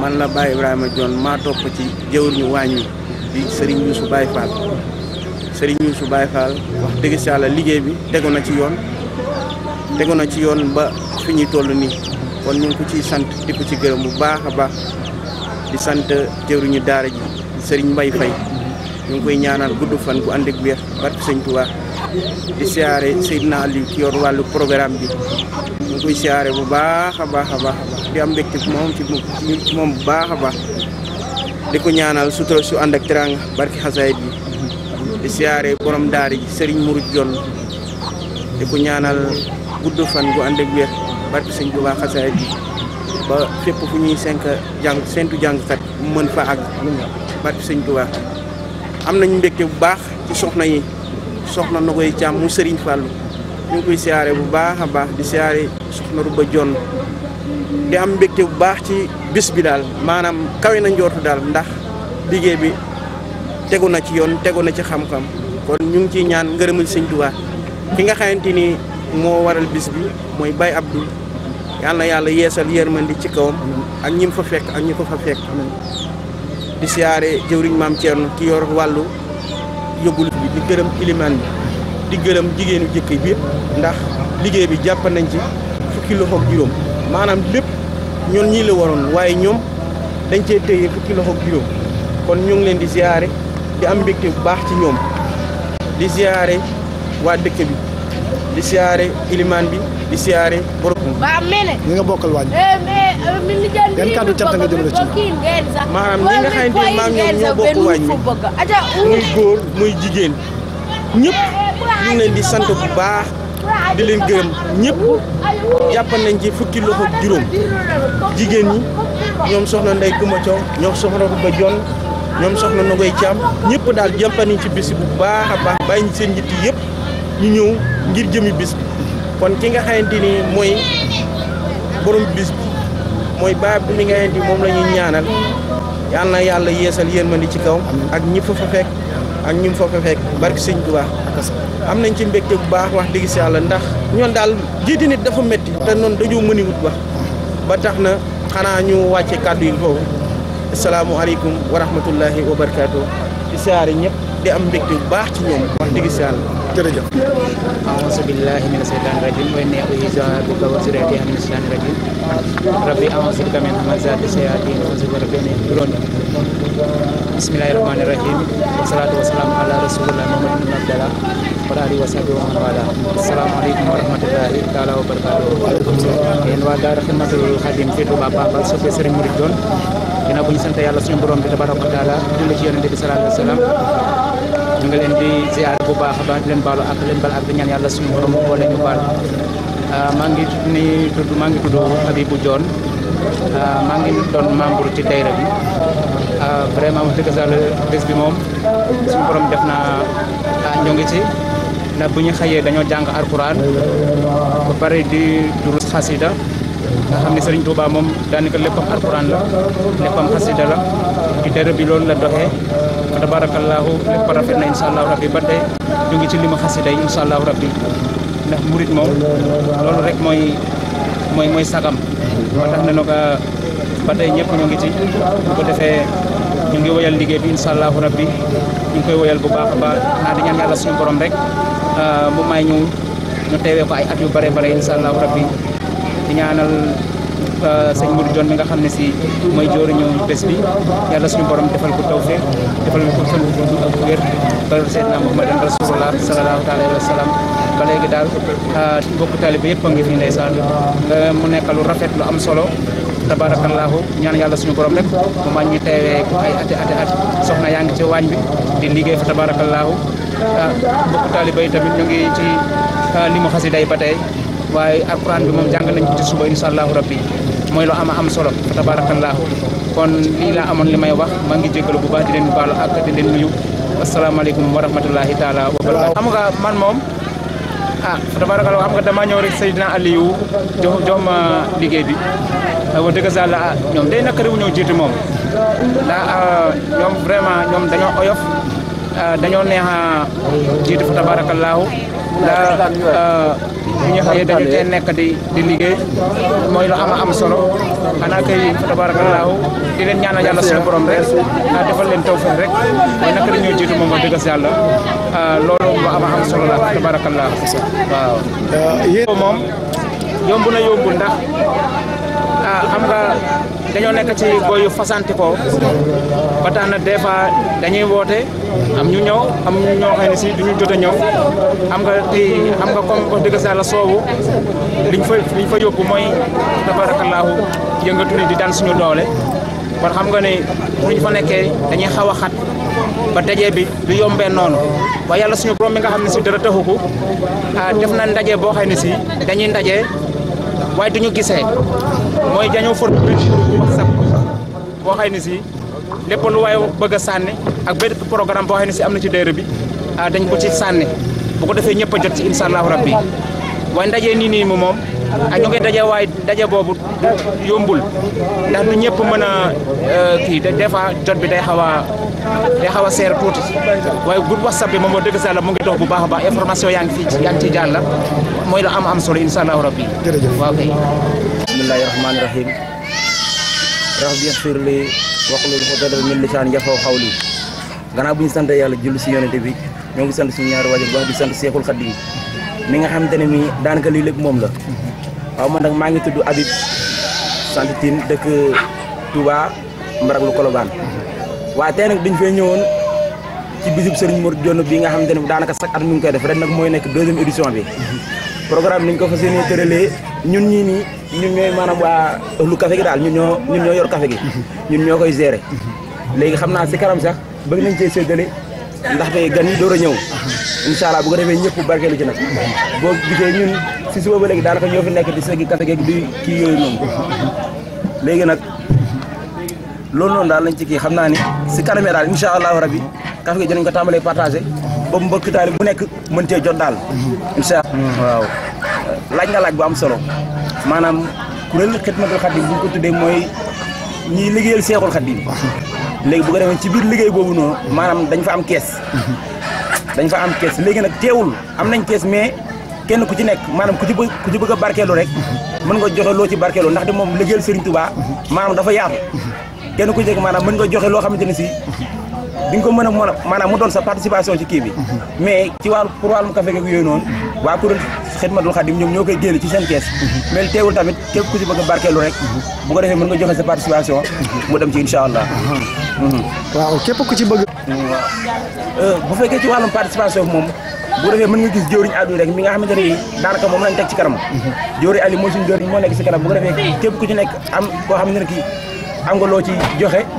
man la Baye Ibrahima John maa topp ci jëwriñu ñu wi di Serigne Youssou Baye Fall Serigne Youssou Baye Fall wax dëgg si yàlla liggéey bi tegu na ci yoon tegu na ci yoon ba fi ñuy toll nii. kon ñu ngi ko ciy sant di ci gërëm bu baax a baax di sant jëruñu daara ji sëriñ Mbay Fay ñu ngi koy ñaanal gudd fan bu ànd ak wér barke sëñ Tuubaa di siyaare Seydina Aliou ki yor wàllu programme bi ñu koy siyaare bu baax a baax a baax am mbégte moom bu baax a baax di ko ñaanal sutura su ànd ak teranga barke xasaayit bi di siyaare borom daara ji sëriñ Mourou Dione di ñaanal gudd fan gu ànd ak wér barke sëñ bu baax xasaay bi ba fépp fu ñuy senk jàng sentu jàngkat mën fa àgg barke sëñ bu baax am nañ mbégte bu baax ci soxna yi soxna na koy càmm mu sëriñ Fallou ñu ngi koy siyaare bu baax a baax di siyaare soxna Ruba Jonn di am mbégte bu baax ci bis bi daal maanaam kawe na njortu daal ndax liggéey bi tegu na ci yoon tegu na ci xam-xam kon ñu ngi ciy ñaan ngërëmal sëñ Tuubaa ki nga xamante ni moo waral bis bi mooy Baye Abdou yàlla na yàlla yeesal yërmandi ci kawam ak ñi mu fa fekk ak ñi ko fa fekk di siyaare jëwriñ maam Thierno ki yor wàllu yóbbul bi di gërëm ilimaan bi di gërëm jigéenu jëkk bi ndax liggéey bi jàpp nañ ci fukki loxo ak juróom maanaam lépp ñoon ñii la waroon waaye ñoom dañ cee téye fukki loxo ak juróom kon ñu ngi leen di siyaare di am mbégte bu baax ci ñoom di siyaare waa dëkk bi di siyaare ilimaan bi di siyaare borom. ñi nga bokkal waaj. Eh, euh, yan kàddu cant nga jëmale ci maanaam ñi nga xamante ne maa ngi ñoom ñoo bokk waaj bi muy góor muy jigéen ñëpp ñu ngi leen di sant bu baax di leen gërëm ñëpp jàppal nañ ci fukki loxo juróom jigéen ñi ñoom soxna Ndeye Coumba Thiaw ñoom soxna Coumba Dione ñoom soxna Nogoy Thiam ñëpp daal jàppal nañ ci bis bu baax a baax bàyyi seen njiit yëpp. ñu ñëw ngir jëmmi bis bi kon ki nga xamante ni mooy borom bis bi mooy baab bu mi nga xamante ni moom la ñaanal yal na yàlla yeesal yërmande ci kaw ak ñi fa fa fekk ak ñi fa fa fekk barki sëñ bu baax am nañ ci mbégte bu baax wax dëgg si yàlla ndax ñoom daal jiite nit dafa métti te noonu dañoo mëniwut wax ba tax na xanaa ñu wàcce kàddu yi foofu asalaamaaleykum wa rahmatullahi wa barakaatu di saari ñëpp di am mbégte bu baax ci ñoom wax dëgg si yàlla jërëjëf a'uuzu billahi mina shaytaani rajiim wa inni u'iizuka wa zurriyyataha mina shaytaani rajiim rabbi a'uuzu bika min hamazaati shayaatiin wa bismillahi rahmaani rahiim wa salaatu wa salaamu ala rasulillah Muhammad ibn Abdallah wa alihi wa sahbihi wa man waalaa assalaamu aleykum wa rahmatullahi taala wa barakaatuh yéen waa daara Xidmatul Xadim fii Touba Babal soppe Serigne Mouride doon ginnaaw bu ñu sant yàlla suñu borom bi tabaraka wa taala julli ci yonente bi sallallahu alayhi wa sallam ñu nga leen si ziar bu baax a baax leen baalo ak leen bal ak di ñaan yàlla suñu borom boo leen ñu baal ah, maa ngi ni tudd maa ngi tudd bu joon ah, maa ngi doon membre ci dayra bi ah, vraiment wax dëgg bi moom suñu borom def na ñoo ngi ci na bu ñu xëyee dañoo jàng alquran ba pare di durus xasida nga xam ne Serigne Touba moom daanaka léppam alquran la léppam xasida la ci dayra bi loolu la doxee fa tabarakallahu lépp rafet na incha allahu rabbi ba tey ñu ngi ci li ma xasida yi incha allahu rabbi ndax murit moom loolu rek mooy mooy mooy sagam ba tax na nag ba tey ñëpp ñu ngi ci bu ko defee ñu ngi woyal liggéey bi incha allahu rabbi ñu ngi koy woyal bu baax a baax naa di ñaan yàlla suñu rek ah, mu may ñu ñu teewee ko ay at yu bare bare incha allahu rabbi di ñaanal Euh, sëñ Modou Dione mi nga xam ne si mooy jëwriñu bés bi yàlla suñu borom defal ko tawfeex defal ko fan bu gudd ak wér ba Seydina Muhammadan Rasulullah sallallahu taala alayhi wa daal mbokk euh, taalibe yëpp a ngi fi ndeysaan euh, mu nekk lu rafet lu am solo tabarakallahu ñaan yàlla suñu borom rek mu mañ ñu teewee ay waañ bi di liggéey fa tabarakallahu mbokk taalibe yi tamit ñu ngi ci li mu xasi day ba tey waaye alquran bi moom jàng nañ ko ci suba incha allahu rabbi mooy lu ama am solo fa tabaarakallaahu kon lii laa amoon li may wax maa ngi jégalu bu baax di leen baalu ak di leen nuyu asalaamaaleykum wa rahmatulahi taala wa barakaatu xam nga man moom ah fa tabaarakallaahu xam nga damaa ñëw rek Seydina Aliou jox jox liggéey bi ah, wax dëgg sa la ah, ñoom day naka réew ñëw jiite moom ndax ah, ñoom vraiment ñoom dañoo oyof dañoo neex a jiite fa tabaarakallaahu ndax ñi nga xam dañu cee nekk di di liggéey mooy lu am am solo xanaa kay tabaarakallaahu di leen ñaanal yàlla suñu borom rek a ah, defal leen tawfeex rek mooy naka la ñuy jiitu moom wax dëgg yàlla ah, loolu lu am am solo la tabaarakallaahu waaw euh, yéen moom yomb na yomb ndax ah, xam nga dañoo nekk ci boy yu fasanti ko ba des fois dañuy woote am ñu ñëw am ñu ñoo xëy ne si duñu jot a ñëw xam nga tey am nga comme wax dëgg sa la soobu liñ fa liñ fa yóbbu mooy tabarakallaahu yëngatu ni di daan suñu doole kon xam nga ne buñ fa nekkee dañuy xaw a xat ba dajee bi du yombee noonu waaye yàlla suñu borom bi nga xam ne si dara taxu a ah, def na ndaje boo xëy ne si dañuy ndaje waaye du ñu gisee mooy dañoo former benn groupe boo xay ne si lépp lu waaye bëgg a sànni ak benn programme boo xay ne si am na ci dayra bi ah, dañ ko ci sànni bu ko defee ñëpp jot ci incha allahu rabbi waaye ndaje nii moom. ak ñu ngi daje waaye daje boobu yombul ndax du ñëpp mën a euh, kii des fois jot bi day xaw a day xaw a seer tuuti waaye groupe whatsapp bi moom wax dëgg sàlla mu ngi dox bu baax information yaa ngi fii yaa ngi ciy jàll mooy la am am solo incha allahu rabbi waaw kay bismillahi rahmaani rahim rabbi yaxfir li waxlul xutadal min lisaan yafaw xawli gannaaw bu ñu sant yàlla julli si yonente bi ñoo ngi sant suñu ñaari waajur baax di sant seexul xaddim mi nga xamante ne mi daanaka lii lépp moom la waaw man nag maa ngi tudd Habib sant Tine dëkk Touba Mbaraglu Colobane waaye tey nag dañ fee ñëwoon ci bisub Serigne Mor Dione bi nga xamante ne daanaka chaque at mi ngi koy def ren nag mooy nekk deuxième édition bi programme niñ ko fas yéenee tëralee ñun ñii nii ñun ñooy maanaam waa lu kafe gi daal ñun ñoo ñun ñoo yor kafe gi ñun ñoo koy gérer léegi xam naa si kanam sax bëgg nañ cee ndax ndaxte gan yi door a ñëw incha allah bu ko defee ñëpp barkeelu ci nag boo gisee ñun si suba ba léegi daal daanaka ñoo fi nekk di seggi kase geeg di kii yooyu noonu léegi nag loolu noonu daal lañ ci kii xam naa ni si kanamee daal incha allahu rabi kase gi dinañ ko tàmbalee partagé ba mbokk taali bu nekk mën cee jot daal incha waaw laaj na laaj bu am solo maanaam kuréel xidmatul xadim bu mooy ñiy liggéeyal seexul xadim léegi bu ko defee ci biir liggéey boobu noonu maanaam dañ fa am kees mhm. dañ fa am kees léegi nag teewul am nañ kees mais kenn ku ci nekk maanaam ku ci bëgg ku ci bëgg a barkeelu rek mën nga joxe loo ci barkeelu ndax de moom liggéeyal Serigne Touba maanaam dafa yaatu kenn ku ci nekk maanaam mën nga joxe loo xamante ne si di ko mën a mën a maanaam mu doon sa participation ci kii bi mais ci wàllu pour wàllum café geeg yooyu noonu waa kuréel Xidmatul Xadim ñoom ñoo koy génne ci seen kees mais teewul tamit képp ku ci bëgg barkeelu rek bu ko defee mën nga joxe sa participation mu dem ci incha allah waaw képp ku ci bëgg hmm, euh, bu fekkee ci wàllum participation moom bu defee mën nga gis jëwriñ addu rek mi nga xamante ne daanaka moom lañ teg ci kanam jëwriñ Aliou mooy suñu jëwriñ moo nekk ko defee képp ku ci nekk am koo xam loo ci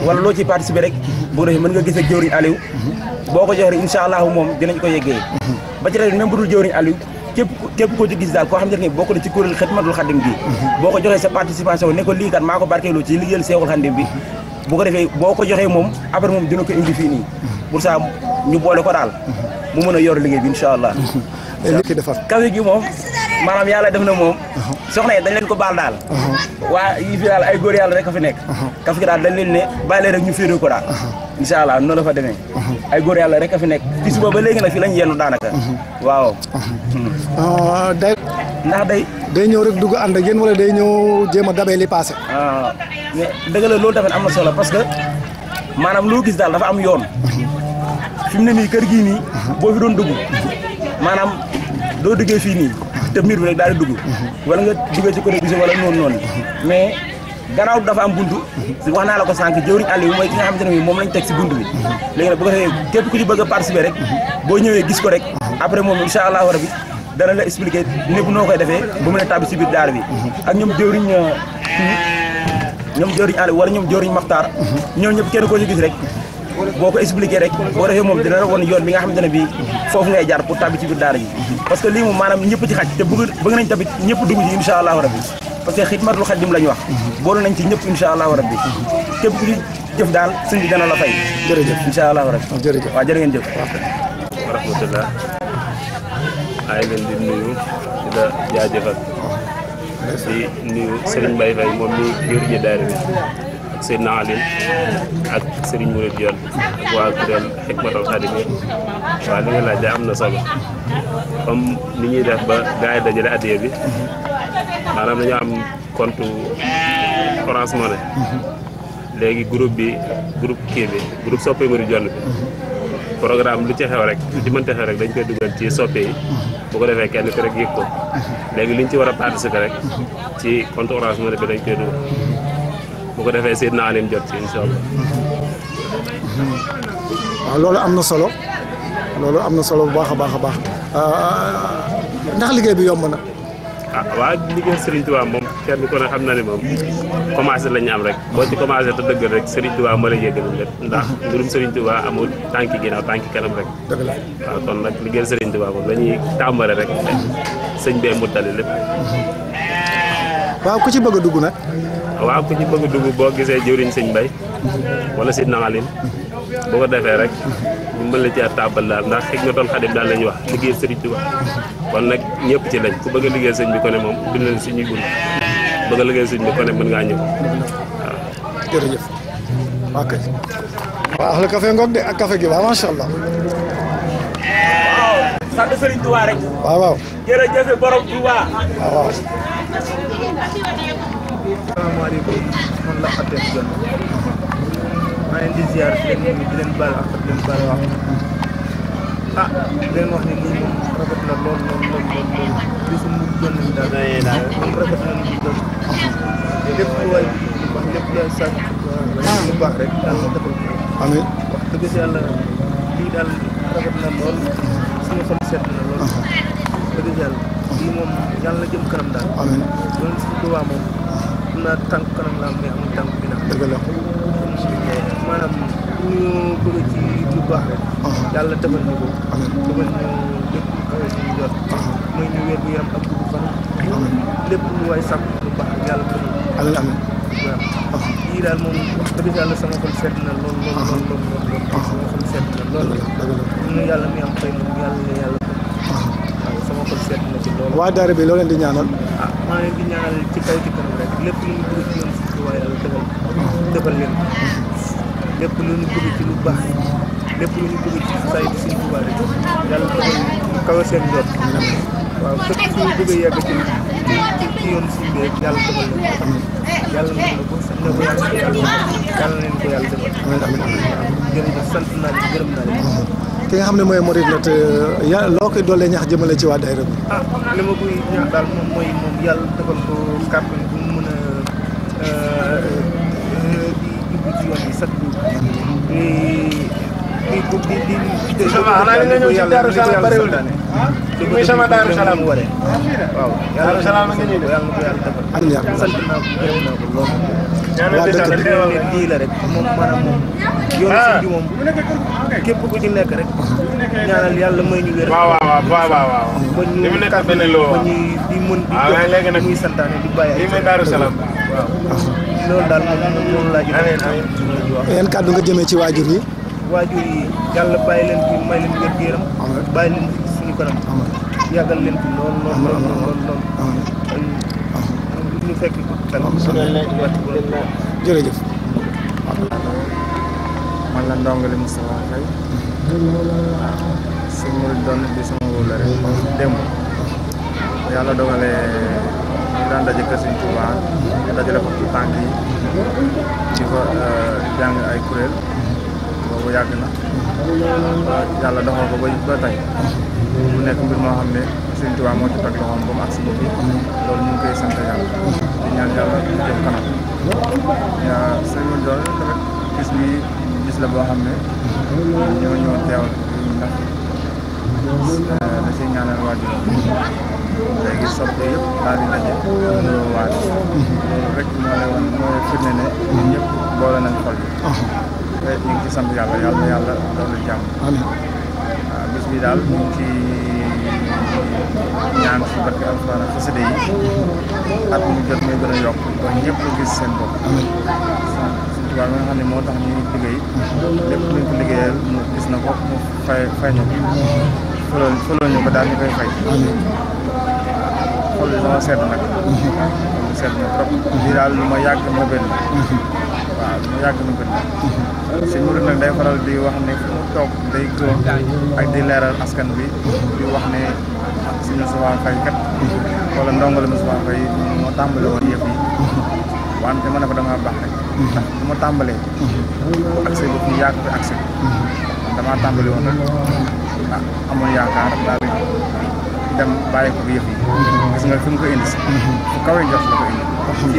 wala loo ci participer rek bu mën nga gis ak jëwriñ boo ko joxe incha allahu moom dinañ ko yeggee ba ci rek même bu dul jëwriñ koo ci gis koo xam ne nii bokk na ci kuréel Xidmatul Xadim bi boo ko joxee sa participation ne ko lii ko barkeeloo ci liggéeyal Seexul Xadim bi bu defee boo ko joxee moom après moom dina ko indi fii nii pour ça ñu boole ko daal mu mën a yor liggéey bi incha allah. li ki defar kafe gi moom maanaam yàlla def na moom. Uh-huh. soxna yi dañ leen ko baal daal. Uh-huh. waa yi fi daal ay góor yàlla rek a fi nekk. Uh-huh. kafe gi daal dañ leen ne bàyyi leen rek ñu féeree ko daal. incha allah noonu la fa demee. ay góor yàlla rek a fi nekk. ci suba ba léegi nag fi lañ yenn daanaka. waaw. Hmm. Uh, day. ndax day. day ñëw rek dugg ànd ak yéen wala day ñëw jéem a dabee li paase. Ah, waaw mais dëgg loolu tamit am na solo parce que maanaam loo gis daal dafa am yoon. fi ne nii kër gii nii boo fi doon dugg maanaam doo duggee fii nii te miir bi rek daal di dugg wala nga duggee ci côté bi wala noonu noonu mais gannaaw dafa am buntu wax naa la ko sànq jëwriñ àll bi mooy ki nga xamante moom lañ teg si buntu bi léegi nag bu ko defee képp ku ci bëgg a participer rek boo ñëwee gis ko rek après moom incha allahu rabi dana la expliquer népp noo koy defee ba mu ne tàbbi si biir daara bi ak ñoom jëwriñ ñoom jëwriñ àll wala ñoom jëwriñ maxtaa ñoom ñëpp kenn koo ci rek boo ko expliqué rek boo defee moom dina la won yoon bi nga xamante ne bii foofu ngay jaar pour tàbbi ci biir daara ji parce que lii moom maanaam ñëpp ci xaj te bëgg bëgg nañ tamit ñëpp dugg ci insha allahu rabbi parce que xidmatul xadim jëf daal sëñ bi dana la fay insha allahu rabbi jërëjëf waaw jëf wa rahmatullah ay leen di nuyu di la jaajëfal di nuyu Serigne Mbaye Faye Seydina Ali ak Serigne Mouride Dione ak waa kuréel Hikmatul Xadimiya waaw li nga laaj am na solo comme ni ñuy def ba gars yi dajale addiya bi maanaam dañoo am compte Orange Money léegi groupe bi groupe kii bi groupe soppe Mouride Dione bi programme lu ci xew rek lu ci mënta xew rek dañ koy dugal ci soppe yi bu ko defee kenn ku rek yëg ko léegi liñ ci war a participer rek ci compte Orange Money bi dañ koy dugal bu ko defee Seydina Alioune jot ci incha allah. waaw loolu am na solo loolu am na solo bu baax a baax a baax ah, ndax liggéey bi yomb na. ah waa liggéey Serigne Touba moom kenn ku ne xam na ne moom commencé lañu am rek boo ci commencé te dëgg rek sëriñ Touba moo ndax mbirum Serigne Touba amul tànki ginnaaw tànki kanam rek moom dañuy tàmbale rek mm-hmm. sëñ bee mu tali lépp waaw ku ci bëgg dugg nag waaw ku ñu bëgg dugg boo gisee jëwriñ sëñ Mbay wala si naxalin bu ko defee rek ñu mën la ci ab tàbbal daal ndax xidmatul xadim daal lañu wax liggéey sëriñ Tuubaa kon nag ñëpp ci lañ ku bëgg a liggéey sëñ bi ko moom duñ leen suñuy bunt ko ne mën ngaa ñëw waaw jërëjëf ok waaw Ahlu ngoog de ak café gi waaw macha allah salaamaaleykum man la Atem Dione maa leen di ziar di leen di leen baal ak di leen baal wax ah leen wax ne lii moom rafet na lool baax rek daal lii suñu xol sedd na lool lii moom yàlla na jëm kanam daal amiin loolu suñu tubaab moom am na tànk kanam la am mais amul tànk bi nag. dëgg la. maanaam bu ñu bëgg ci lu baax rek. Ah. yàlla defal ñu ko. defal ñu lépp lu kawe suñu jot. Ah. mooy ñu wér gu yaram ak bu fan. lépp lu waay sàkk lu baax yàlla defal ko. amiin amiin. waaw ah. lii daal moom wax dëgg yàlla sama xol sedd na lool lool lool lool lool. sama xol sedd na lool. dëgg la yàlla mi am xëy na yàlla na yàlla. waaw sama xol sedd na ci lool. waa daara bi loo leen di ñaanal. ah maa ngi leen di ñaanal ci kaw ci kanam. lépp lu ñu bëgg ci yoon Sëriñ Tuubaa yàlla defal defal leen lépp lu ñu bëgg ci lu baax lépp lu ñu bëgg ci saa yi Sëriñ Tuubaa rek yàlla defal lu kawe seen yoon waaw fépp fu ñu bëgg a yegg ci ci yoon Sëriñ bi rek yàlla defal leen yàlla mën na ko sant na ko yàlla yàlla leen ko yàlla defal jërëjëf sant naa leen gërëm naa leen ki nga xam ne mooy Mouride la te ya loo koy doolee ñax jëmale ci waa daayira bi. ah li ma koy ñaax daal moom mooy moom yàlla defal ko kàttan bu di dugg ci yoon bi sax di di sama xanaa nga ñëw ci Daaru Salaam bariwul muy sama Daaru Salaam waree waaw Daaru Salaam nga ñuy def yàlla na ko yàlla defal am yàlla sant naa ko gërëm naa ko lool waa dëkk bi lii la rek moom maanaam moom yoon si ji moom képp ku ci nekk rek ñaanal yàlla may ñu wér waaw waaw waaw waaw ba ñu kàttan ba ñu di mën di jox muy santaane di bàyyi ay loolu daal moom laa jot yan kàddu nga jëmee ci waajur yi. waajur yi yàlla bàyyi leen fi may leen wér gu yaram. bàyyi leen fi suñu kanam. yàggal leen fi lool lool man la ndongali Moustapha Faye. su ma doon bi sama wóor la rek. démb yàlla dogalee. daan daje kër Sëñ Touba ñu dajale ko ci tànk di fa euh, jàng ay kuréel boobu yàgg na yàlla doxal ko ba tey bu nekk mbir moo xam ne Sëñ Touba moo ci teg loxoom ba mu agsi bi loolu ñu ngi koy sant yàlla di ñaan yàlla ñu jëm kanam yaa sëñ bi doon tamit gis la boo xam ne ñoo ñëw teewal ndax euh, da ciy ñaanal waajur léegi soppe yëpp daal di daje nuyoo waale loolu ne ñun boole nañ xol bi te ci sant yàlla yàlla yàlla doolu jàmm waaw bis bi daal ñu ngi ci ñaan ci barke alxuraan ak xasida yi at mu jot muy gën yokk ba ñëpp gis seen bopp waaw moo tax ñuy liggéey lépp luñ ko liggéeyal mu gis na ko mu fay fay ñu ko fëlal fëlal ñu ko daal ñu koy fay xol dama sedd nag. Mhm. na trop. lu ma yàgg ma benn. Mhm. waaw lu ma yàgg ma benn. sëñ Mouride nag day faral di wax ne mu toog day góor ak di leeral askan bi mhm. di wax ne suñu subaa fay kat. wala ndongo la mu subaa fay moo tàmbale woon yëf wante ma ne ko damaa baax rek. ndax bu ma tàmbalee. bu accès bi fu mu yàgg bi accès. woon rek. ah amoon yaakaar daal. dem bàyyi ko yëf yi. gis nga ko indi si. fu kawe njort la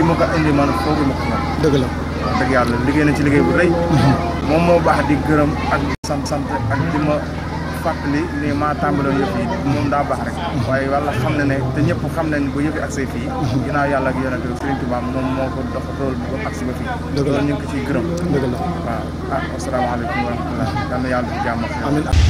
mu ko indi man foogu ma ko moom. dëgg la wax dëgg yàlla liggéey na ci liggéey bu rëy. moom moo baax di gërëm ak sant sant ak di ma li ni maa tàmbaloon yëf yi moom daa baax rek waaye yàlla xam na ne te ñëpp xam nañ bu yëf ak say fii ginnaaw yàlla ak yonent bi Sëriñ moom moo ko dox tool bu ak si ba fii loolu ñu ngi ko ciy gërëm dëgg ah asalaamaaleykum wa rahmatulah yal na yàlla def jàmm